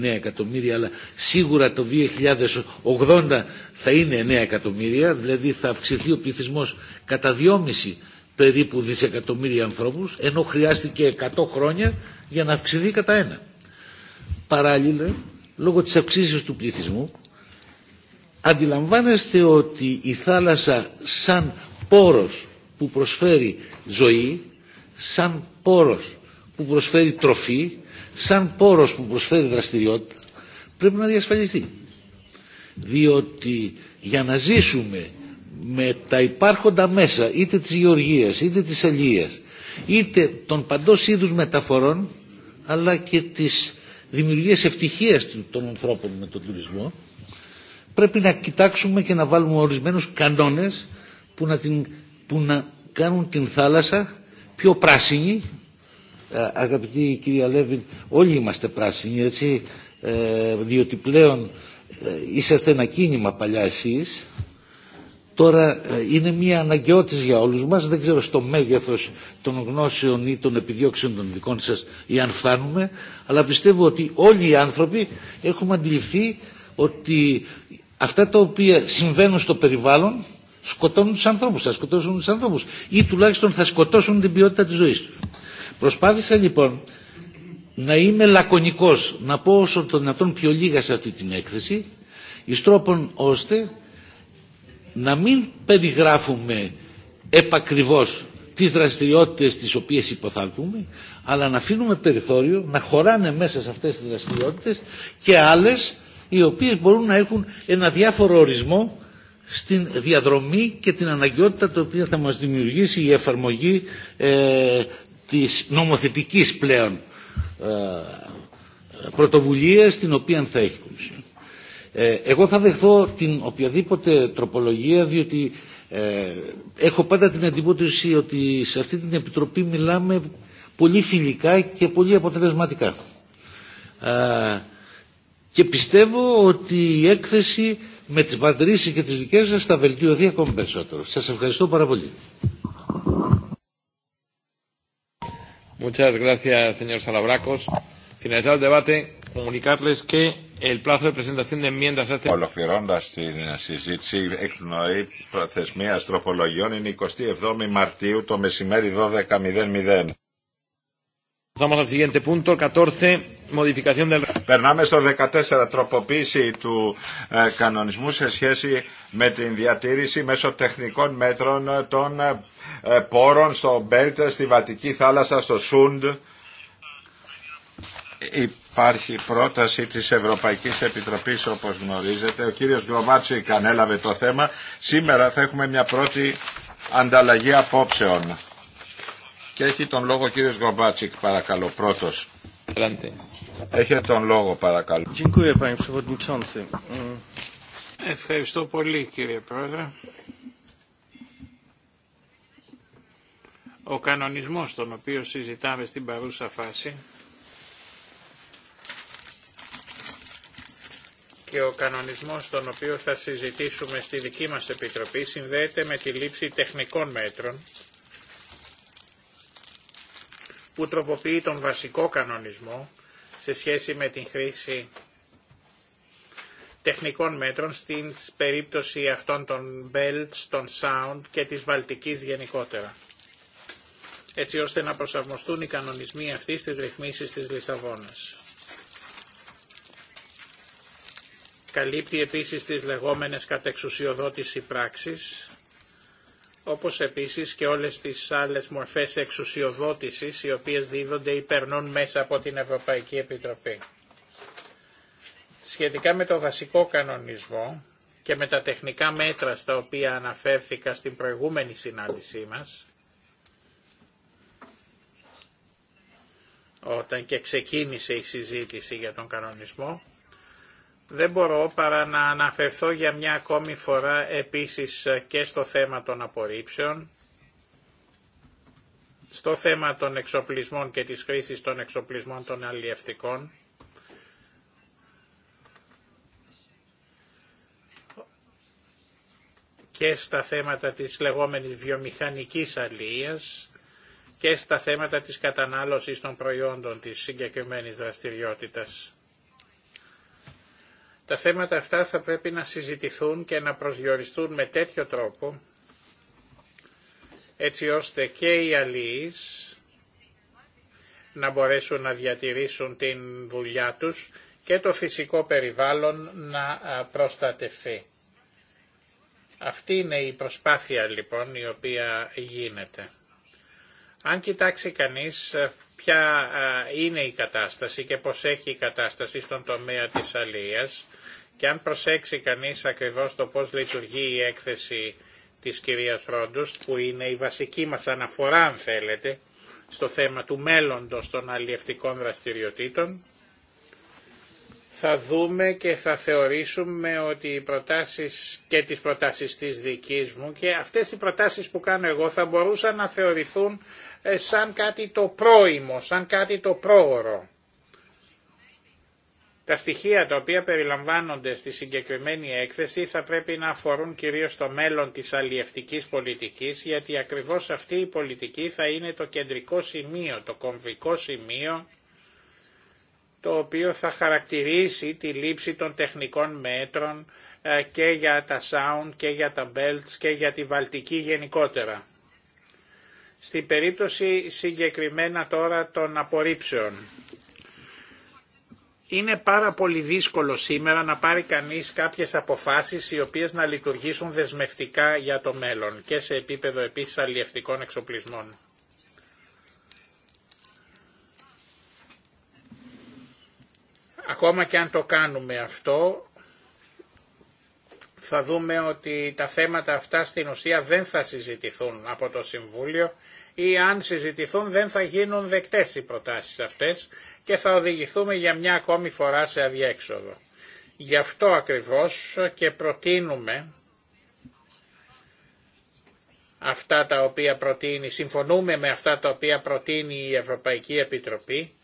εκατομμύρια, αλλά σίγουρα το 2080 θα είναι 9 εκατομμύρια, δηλαδή θα αυξηθεί ο πληθυσμός κατά 2,5 περίπου δισεκατομμύρια ανθρώπους, ενώ χρειάστηκε 100 χρόνια για να αυξηθεί κατά ένα. Παράλληλα, λόγω της αυξήσεως του πληθυσμού, αντιλαμβάνεστε ότι η θάλασσα σαν πόρος που προσφέρει ζωή, σαν πόρος που προσφέρει τροφή, σαν πόρος που προσφέρει δραστηριότητα, πρέπει να διασφαλιστεί. Διότι για να ζήσουμε με τα υπάρχοντα μέσα, είτε της γεωργίας, είτε της αλληλίας, είτε των παντός είδους μεταφορών, αλλά και της δημιουργίας ευτυχίας των ανθρώπων με τον τουρισμό, πρέπει να κοιτάξουμε και να βάλουμε ορισμένους κανόνες που να την που να κάνουν την θάλασσα πιο πράσινη. Ε, Αγαπητή κυρία Λέβιν, όλοι είμαστε πράσινοι, έτσι, ε, διότι πλέον ε, είσαστε ένα κίνημα παλιά εσείς. Τώρα είναι μια αναγκαιότητα για όλους μας, δεν ξέρω στο μέγεθος των γνώσεων ή των επιδιώξεων των δικών σας ή αν φτάνουμε, αλλά πιστεύω ότι όλοι οι άνθρωποι έχουμε αντιληφθεί ότι αυτά τα οποία συμβαίνουν στο περιβάλλον σκοτώνουν τους ανθρώπους, θα σκοτώσουν τους ανθρώπους ή τουλάχιστον θα σκοτώσουν την ποιότητα της ζωής τους. Προσπάθησα λοιπόν να είμαι λακωνικός, να πω όσο το δυνατόν πιο λίγα σε αυτή την έκθεση, εις τρόπον ώστε να μην περιγράφουμε επακριβώς τις δραστηριότητες τις οποίες υποθαλπούμε, αλλά να αφήνουμε περιθώριο να χωράνε μέσα σε αυτές τις δραστηριότητες και άλλες οι οποίες μπορούν να έχουν ένα διάφορο ορισμό στην διαδρομή και την αναγκαιότητα την οποία θα μας δημιουργήσει η εφαρμογή ε, της νομοθετικής πλέον ε, πρωτοβουλίας την οποία θα έχει Κομισιόν. Ε, εγώ θα δεχθώ την οποιαδήποτε τροπολογία διότι ε, έχω πάντα την εντυπώτηση ότι σε αυτή την Επιτροπή μιλάμε πολύ φιλικά και πολύ αποτελεσματικά. Ε, και πιστεύω ότι η έκθεση με τις παρατηρήσεις και τις δικές σας θα βελτιωθεί ακόμη περισσότερο. Σας ευχαριστώ πάρα πολύ. Muchas gracias, señor Salabracos. Finalizado el debate, comunicarles que el plazo de presentación de enmiendas a este... Ολοκληρώνοντας την συζήτηση εκπνοή προθεσμίας τροπολογιών είναι 27 Μαρτίου το μεσημέρι 12.00. Περνάμε στο 14 τροποποίηση του ε, κανονισμού σε σχέση με την διατήρηση μέσω τεχνικών μέτρων των ε, πόρων στο Μπέλτ, στη Βατική θάλασσα, στο Σούντ. Υπάρχει πρόταση της Ευρωπαϊκής Επιτροπής όπως γνωρίζετε. Ο κύριος Γκρομάτσικ ανέλαβε το θέμα. Σήμερα θα έχουμε μια πρώτη ανταλλαγή απόψεων και έχει τον λόγο ο κύριος Γκομπάτσικ, παρακαλώ, πρώτος. Έχει τον λόγο, παρακαλώ. Ευχαριστώ πολύ, κύριε Πρόεδρε. Ο κανονισμός τον οποίο συζητάμε στην παρούσα φάση και ο κανονισμός τον οποίο θα συζητήσουμε στη δική μας Επιτροπή συνδέεται με τη λήψη τεχνικών μέτρων που τροποποιεί τον βασικό κανονισμό σε σχέση με την χρήση τεχνικών μέτρων στην περίπτωση αυτών των Belts, των Sound και της Βαλτικής γενικότερα έτσι ώστε να προσαρμοστούν οι κανονισμοί αυτοί στις ρυθμίσεις της Λισαβόνας. Καλύπτει επίσης τις λεγόμενες κατεξουσιοδότηση πράξεις, όπως επίσης και όλες τις άλλες μορφές εξουσιοδότησης οι οποίες δίδονται ή περνούν μέσα από την Ευρωπαϊκή Επιτροπή. Σχετικά με το βασικό κανονισμό και με τα τεχνικά μέτρα στα οποία αναφέρθηκα στην προηγούμενη συνάντησή μας, όταν και ξεκίνησε η συζήτηση για τον κανονισμό, δεν μπορώ παρά να αναφερθώ για μια ακόμη φορά επίσης και στο θέμα των απορρίψεων, στο θέμα των εξοπλισμών και της χρήσης των εξοπλισμών των αλλιευτικών. και στα θέματα της λεγόμενης βιομηχανικής αλληλείας και στα θέματα της κατανάλωσης των προϊόντων της συγκεκριμένης δραστηριότητας. Τα θέματα αυτά θα πρέπει να συζητηθούν και να προσδιοριστούν με τέτοιο τρόπο, έτσι ώστε και οι αλληλείς να μπορέσουν να διατηρήσουν την δουλειά τους και το φυσικό περιβάλλον να προστατευθεί. Αυτή είναι η προσπάθεια λοιπόν η οποία γίνεται. Αν κοιτάξει κανείς ποια είναι η κατάσταση και πώς έχει η κατάσταση στον τομέα της αλίας και αν προσέξει κανείς ακριβώς το πώς λειτουργεί η έκθεση της κυρίας Ρόντους που είναι η βασική μας αναφορά αν θέλετε στο θέμα του μέλλοντος των αλλιευτικών δραστηριοτήτων θα δούμε και θα θεωρήσουμε ότι οι προτάσεις και τις προτάσεις της δικής μου και αυτές οι προτάσεις που κάνω εγώ θα μπορούσαν να θεωρηθούν ε, σαν κάτι το πρόημο, σαν κάτι το πρόωρο. Τα στοιχεία τα οποία περιλαμβάνονται στη συγκεκριμένη έκθεση θα πρέπει να αφορούν κυρίως το μέλλον της αλλιευτικής πολιτικής, γιατί ακριβώς αυτή η πολιτική θα είναι το κεντρικό σημείο, το κομβικό σημείο, το οποίο θα χαρακτηρίσει τη λήψη των τεχνικών μέτρων ε, και για τα sound και για τα belts και για τη βαλτική γενικότερα. Στην περίπτωση συγκεκριμένα τώρα των απορρίψεων. Είναι πάρα πολύ δύσκολο σήμερα να πάρει κανείς κάποιες αποφάσεις οι οποίες να λειτουργήσουν δεσμευτικά για το μέλλον και σε επίπεδο επίσης αλλιευτικών εξοπλισμών. Ακόμα και αν το κάνουμε αυτό, θα δούμε ότι τα θέματα αυτά στην ουσία δεν θα συζητηθούν από το Συμβούλιο ή αν συζητηθούν δεν θα γίνουν δεκτές οι προτάσεις αυτές και θα οδηγηθούμε για μια ακόμη φορά σε αδιέξοδο. Γι' αυτό ακριβώς και προτείνουμε αυτά τα οποία προτείνει, συμφωνούμε με αυτά τα οποία προτείνει η Ευρωπαϊκή Επιτροπή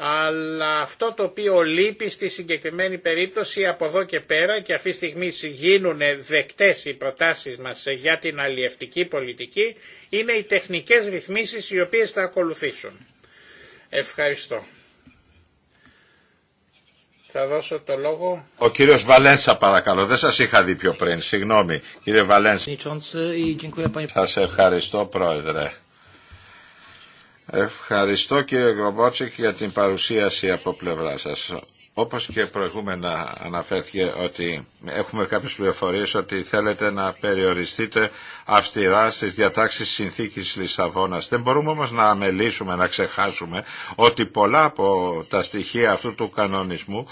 αλλά αυτό το οποίο λείπει στη συγκεκριμένη περίπτωση από εδώ και πέρα και αυτή τη στιγμή γίνουν δεκτές οι προτάσεις μας για την αλλιευτική πολιτική είναι οι τεχνικές ρυθμίσεις οι οποίες θα ακολουθήσουν. Ευχαριστώ. Θα δώσω το λόγο. Ο κύριος Βαλένσα παρακαλώ. Δεν σας είχα δει πιο πριν. Συγγνώμη. Κύριε Βαλένσα. Σας ευχαριστώ πρόεδρε. Ευχαριστώ κύριε Γκρομπότσικ για την παρουσίαση από πλευρά σας. Όπως και προηγούμενα αναφέρθηκε ότι έχουμε κάποιες πληροφορίες ότι θέλετε να περιοριστείτε αυστηρά στις διατάξεις συνθήκης Λισαβόνας. Δεν μπορούμε όμως να αμελήσουμε, να ξεχάσουμε ότι πολλά από τα στοιχεία αυτού του κανονισμού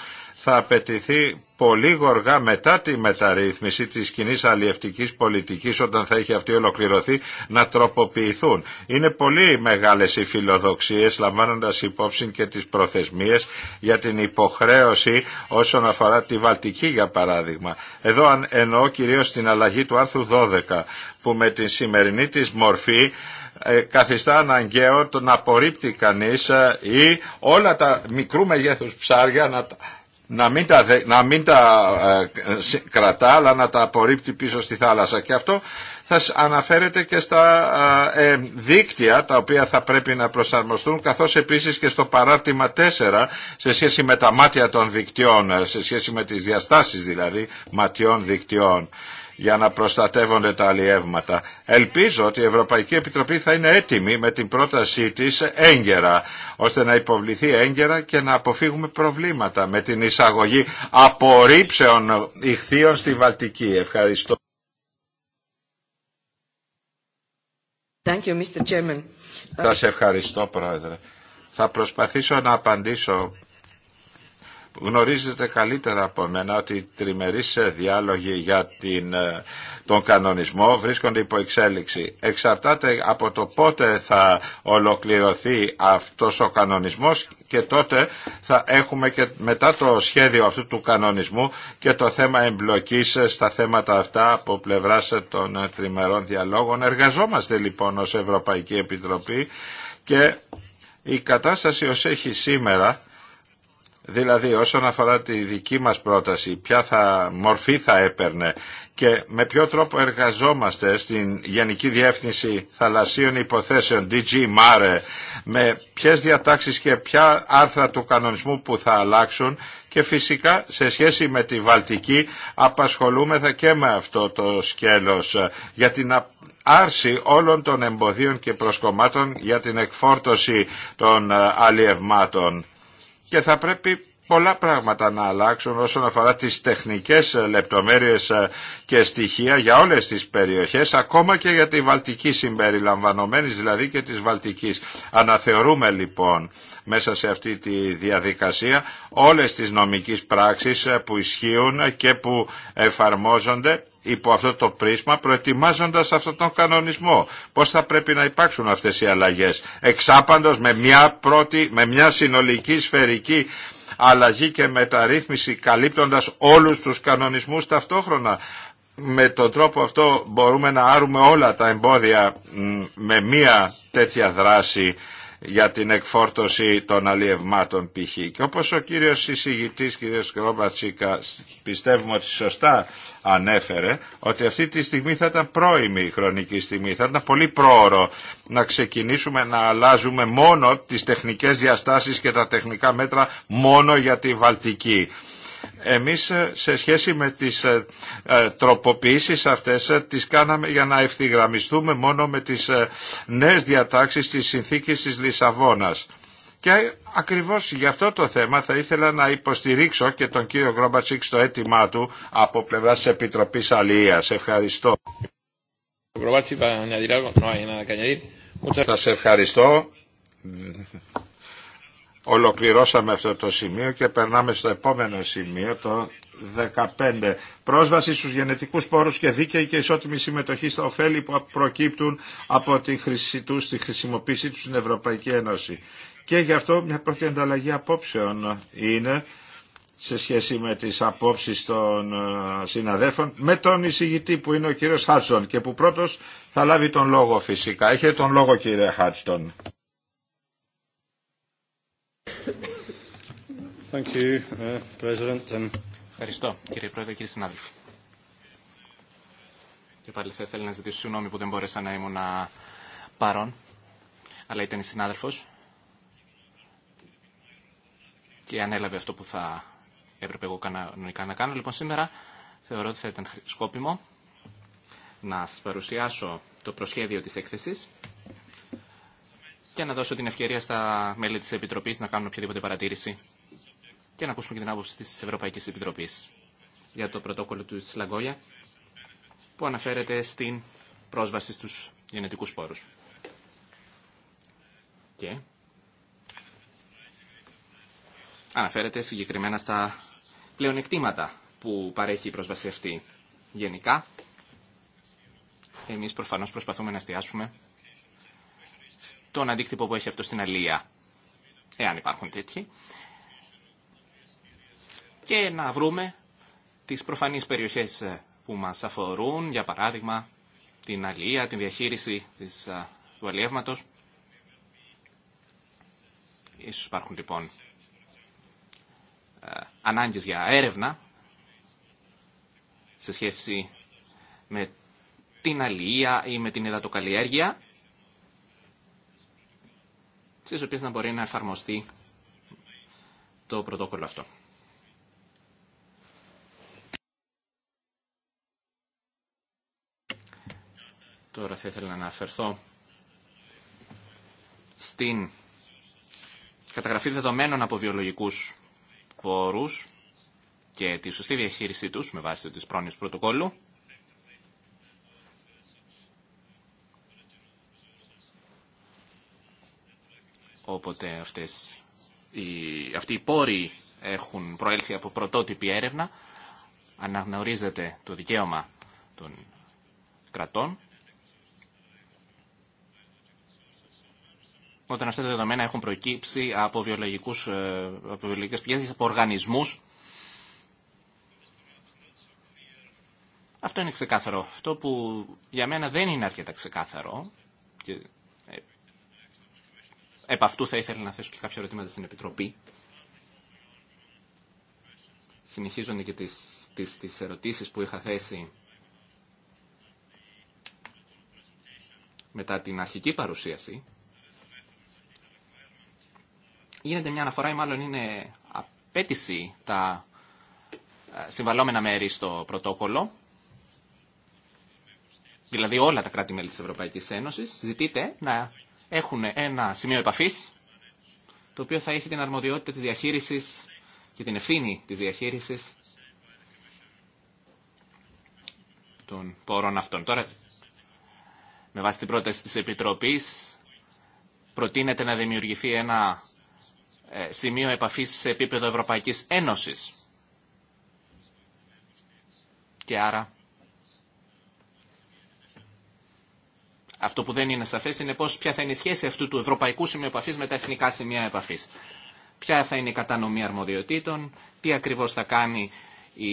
θα απαιτηθεί πολύ γοργά μετά τη μεταρρύθμιση της κοινή αλλιευτικής πολιτικής όταν θα έχει αυτή ολοκληρωθεί να τροποποιηθούν. Είναι πολύ μεγάλες οι φιλοδοξίες λαμβάνοντας υπόψη και τις προθεσμίες για την υποχρέωση όσον αφορά τη Βαλτική για παράδειγμα. Εδώ εννοώ κυρίως την αλλαγή του άρθρου 12 που με τη σημερινή της μορφή ε, καθιστά αναγκαίο το να απορρίπτει κανείς ε, ή όλα τα μικρού μεγέθους ψάρια να να μην τα, να ε, κρατά αλλά να τα απορρίπτει πίσω στη θάλασσα και αυτό θα αναφέρεται και στα ε, ε, δίκτυα τα οποία θα πρέπει να προσαρμοστούν καθώς επίσης και στο παράρτημα 4 σε σχέση με τα μάτια των δικτυών, ε, σε σχέση με τις διαστάσεις δηλαδή ματιών δικτυών για να προστατεύονται τα αλλιεύματα. Ελπίζω ότι η Ευρωπαϊκή Επιτροπή θα είναι έτοιμη με την πρότασή της έγκαιρα, ώστε να υποβληθεί έγκαιρα και να αποφύγουμε προβλήματα με την εισαγωγή απορρίψεων ηχθείων στη Βαλτική. Ευχαριστώ. Thank you, Mr. Chairman. ευχαριστώ, Πρόεδρε. Θα προσπαθήσω να απαντήσω Γνωρίζετε καλύτερα από μένα ότι οι τριμερείς διάλογοι για την, ε, τον κανονισμό βρίσκονται υπό εξέλιξη. Εξαρτάται από το πότε θα ολοκληρωθεί αυτός ο κανονισμός και τότε θα έχουμε και μετά το σχέδιο αυτού του κανονισμού και το θέμα εμπλοκής στα θέματα αυτά από πλευράς των τριμερών διαλόγων. Εργαζόμαστε λοιπόν ως Ευρωπαϊκή Επιτροπή και η κατάσταση ως έχει σήμερα Δηλαδή όσον αφορά τη δική μας πρόταση, ποια θα, μορφή θα έπαιρνε και με ποιο τρόπο εργαζόμαστε στην Γενική Διεύθυνση Θαλασσίων Υποθέσεων DG Mare με ποιες διατάξεις και ποια άρθρα του κανονισμού που θα αλλάξουν και φυσικά σε σχέση με τη Βαλτική απασχολούμεθα και με αυτό το σκέλος για την άρση όλων των εμποδίων και προσκομμάτων για την εκφόρτωση των ε, αλλιευμάτων και θα πρέπει πολλά πράγματα να αλλάξουν όσον αφορά τις τεχνικές ε, λεπτομέρειες ε, και στοιχεία για όλες τις περιοχές, ακόμα και για τη Βαλτική συμπεριλαμβανομένης, δηλαδή και της Βαλτικής. Αναθεωρούμε λοιπόν μέσα σε αυτή τη διαδικασία όλες τις νομικές πράξεις ε, που ισχύουν και που εφαρμόζονται υπό αυτό το πρίσμα προετοιμάζοντας αυτόν τον κανονισμό. Πώς θα πρέπει να υπάρξουν αυτές οι αλλαγές. Εξάπαντος με μια, πρώτη, με μια συνολική σφαιρική αλλαγή και μεταρρύθμιση καλύπτοντας όλους τους κανονισμούς ταυτόχρονα. Με τον τρόπο αυτό μπορούμε να άρουμε όλα τα εμπόδια με μια τέτοια δράση για την εκφόρτωση των αλλιευμάτων π.χ. Και όπως ο κύριος συζητητής, κύριος Κρόμπατσίκα, πιστεύουμε ότι σωστά ανέφερε, ότι αυτή τη στιγμή θα ήταν πρώιμη η χρονική στιγμή, θα ήταν πολύ πρόωρο να ξεκινήσουμε να αλλάζουμε μόνο τις τεχνικές διαστάσεις και τα τεχνικά μέτρα μόνο για τη Βαλτική. Εμείς σε σχέση με τις τροποποιήσεις αυτές τις κάναμε για να ευθυγραμμιστούμε μόνο με τις νέες διατάξεις της συνθήκης της Λισαβόνας. Και ακριβώς για αυτό το θέμα θα ήθελα να υποστηρίξω και τον κύριο Γκρόμπατσικ στο αίτημά του από πλευρά της Επιτροπής Αλίας. Ευχαριστώ. Σας ευχαριστώ. Ολοκληρώσαμε αυτό το σημείο και περνάμε στο επόμενο σημείο, το 15. Πρόσβαση στους γενετικούς πόρους και δίκαιη και ισότιμη συμμετοχή στα ωφέλη που προκύπτουν από τη χρήση τους, τη χρησιμοποίησή τους στην Ευρωπαϊκή Ένωση. Και γι' αυτό μια πρώτη ανταλλαγή απόψεων είναι σε σχέση με τις απόψεις των ε, συναδέλφων με τον εισηγητή που είναι ο κύριος Χάτσον και που πρώτος θα λάβει τον λόγο φυσικά. Έχετε τον λόγο κύριε Χάτσον. Thank you, uh, President. Ευχαριστώ, κύριε Πρόεδρε, κύριε συνάδελφοι. Και πάλι θα ήθελα να ζητήσω συγγνώμη που δεν μπόρεσα να ήμουν παρόν, αλλά ήταν η συνάδελφος και ανέλαβε αυτό που θα έπρεπε εγώ κανονικά να κάνω. Λοιπόν, σήμερα θεωρώ ότι θα ήταν σκόπιμο να σας παρουσιάσω το προσχέδιο της έκθεσης και να δώσω την ευκαιρία στα μέλη της Επιτροπής να κάνουν οποιαδήποτε παρατήρηση και να ακούσουμε και την άποψη της Ευρωπαϊκής Επιτροπής για το πρωτόκολλο του Σλαγκόγια που αναφέρεται στην πρόσβαση στους γενετικούς πόρους. Και αναφέρεται συγκεκριμένα στα πλεονεκτήματα που παρέχει η πρόσβαση αυτή γενικά. Εμείς προφανώς προσπαθούμε να εστιάσουμε στον αντίκτυπο που έχει αυτό στην αλία, εάν υπάρχουν τέτοιοι, και να βρούμε τις προφανείς περιοχές ε, που μας αφορούν, για παράδειγμα την αλία, την διαχείριση ε, του αλιεύματος. Ίσως υπάρχουν λοιπόν ε, ανάγκες για έρευνα σε σχέση με την αλία ή με την υδατοκαλλιέργεια στις οποίες να μπορεί να εφαρμοστεί το πρωτόκολλο αυτό. Τώρα θα ήθελα να αναφερθώ στην καταγραφή δεδομένων από βιολογικούς πόρους και τη σωστή διαχείρισή τους με βάση της πρόνοιες πρωτοκόλλου. Όποτε αυτές οι, αυτοί οι πόροι έχουν προέλθει από πρωτότυπη έρευνα, αναγνωρίζεται το δικαίωμα των κρατών όταν αυτά τα δεδομένα έχουν προκύψει από, βιολογικούς, ε, από βιολογικές πηγές, από οργανισμούς. Αυτό είναι ξεκάθαρο. Αυτό που για μένα δεν είναι αρκετά ξεκάθαρο Επ' αυτού θα ήθελα να θέσω και κάποια ερωτήματα στην Επιτροπή. Συνεχίζονται και τις, τις, τις ερωτήσεις που είχα θέσει μετά την αρχική παρουσίαση. Γίνεται μια αναφορά ή μάλλον είναι απέτηση τα ε, συμβαλόμενα μέρη στο πρωτόκολλο δηλαδή όλα τα κράτη-μέλη της Ευρωπαϊκής Ένωσης, ζητείτε να έχουν ένα σημείο επαφής, το οποίο θα έχει την αρμοδιότητα της διαχείριση και την ευθύνη της διαχείριση των πόρων αυτών. Τώρα, με βάση την πρόταση της Επιτροπής, προτείνεται να δημιουργηθεί ένα ε, σημείο επαφής σε επίπεδο Ευρωπαϊκής Ένωσης. Και άρα Αυτό που δεν είναι σαφέ είναι πώς, ποια θα είναι η σχέση αυτού του Ευρωπαϊκού Σημείου Επαφή με τα Εθνικά Σημεία Επαφή. Ποια θα είναι η κατανομή αρμοδιοτήτων, τι ακριβώ θα κάνει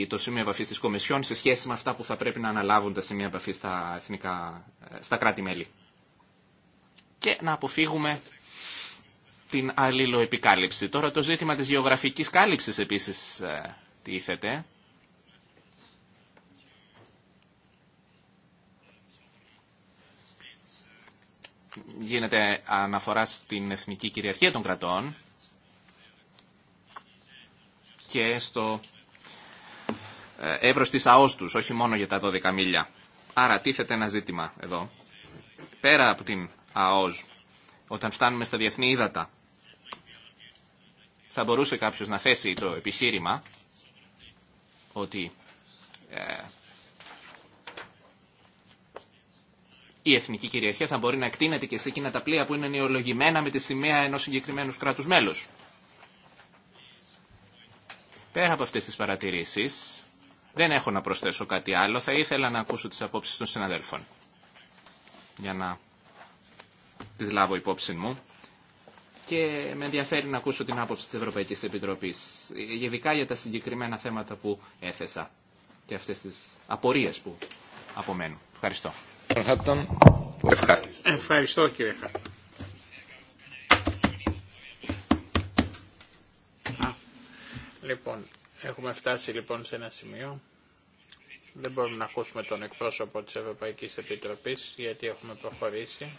το Σημείο Επαφή τη Κομισιόν σε σχέση με αυτά που θα πρέπει να αναλάβουν τα Σημεία Επαφή στα, ε, στα κράτη-μέλη. Και να αποφύγουμε την αλληλοεπικάλυψη. Τώρα το ζήτημα της γεωγραφικής κάλυψης επίσης ε, τίθεται. γίνεται αναφορά στην εθνική κυριαρχία των κρατών και στο ε, εύρος της ΑΟΣ τους, όχι μόνο για τα 12 μίλια. Άρα τίθεται ένα ζήτημα εδώ. Πέρα από την ΑΟΣ, όταν φτάνουμε στα διεθνή ύδατα, θα μπορούσε κάποιος να θέσει το επιχείρημα ότι ε, η εθνική κυριαρχία θα μπορεί να εκτείνεται και σε εκείνα τα πλοία που είναι νεολογημένα με τη σημαία ενός συγκεκριμένου κράτους μέλους. Πέρα από αυτές τις παρατηρήσεις, δεν έχω να προσθέσω κάτι άλλο. Θα ήθελα να ακούσω τις απόψεις των συναδέλφων για να τις λάβω υπόψη μου. Και με ενδιαφέρει να ακούσω την άποψη της Ευρωπαϊκής Επιτροπής, ειδικά για τα συγκεκριμένα θέματα που έθεσα και αυτές τις απορίες που απομένουν. Ευχαριστώ. Ευχαριστώ κύριε Λοιπόν, έχουμε φτάσει λοιπόν σε ένα σημείο. Δεν μπορούμε να ακούσουμε τον εκπρόσωπο της Ευρωπαϊκής Επιτροπής γιατί έχουμε προχωρήσει.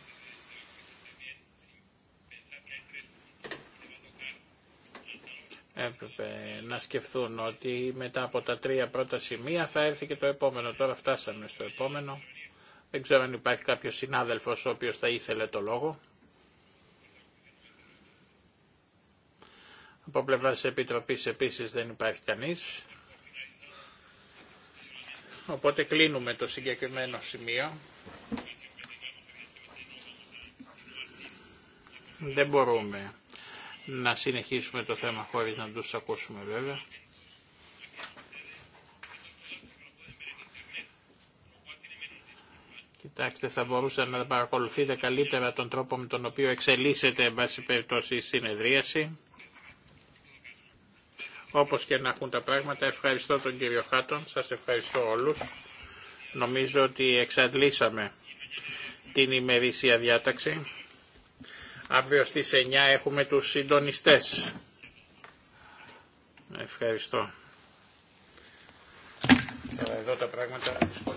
Έπρεπε να σκεφτούν ότι μετά από τα τρία πρώτα σημεία θα έρθει και το επόμενο. Τώρα φτάσαμε στο επόμενο. Δεν ξέρω αν υπάρχει κάποιο συνάδελφος ο οποίος θα ήθελε το λόγο. Από πλευρά τη Επιτροπή επίση δεν υπάρχει κανείς. Οπότε κλείνουμε το συγκεκριμένο σημείο. Δεν μπορούμε να συνεχίσουμε το θέμα χωρίς να τους ακούσουμε βέβαια. Κοιτάξτε, θα μπορούσατε να παρακολουθείτε καλύτερα τον τρόπο με τον οποίο εξελίσσεται, εν περιπτώσει, η συνεδρίαση. Όπως και να έχουν τα πράγματα, ευχαριστώ τον κύριο Χάτον, σας ευχαριστώ όλους. Νομίζω ότι εξαντλήσαμε την ημερήσια διάταξη. Αύριο στις 9 έχουμε τους συντονιστές. Ευχαριστώ. Εδώ τα πράγματα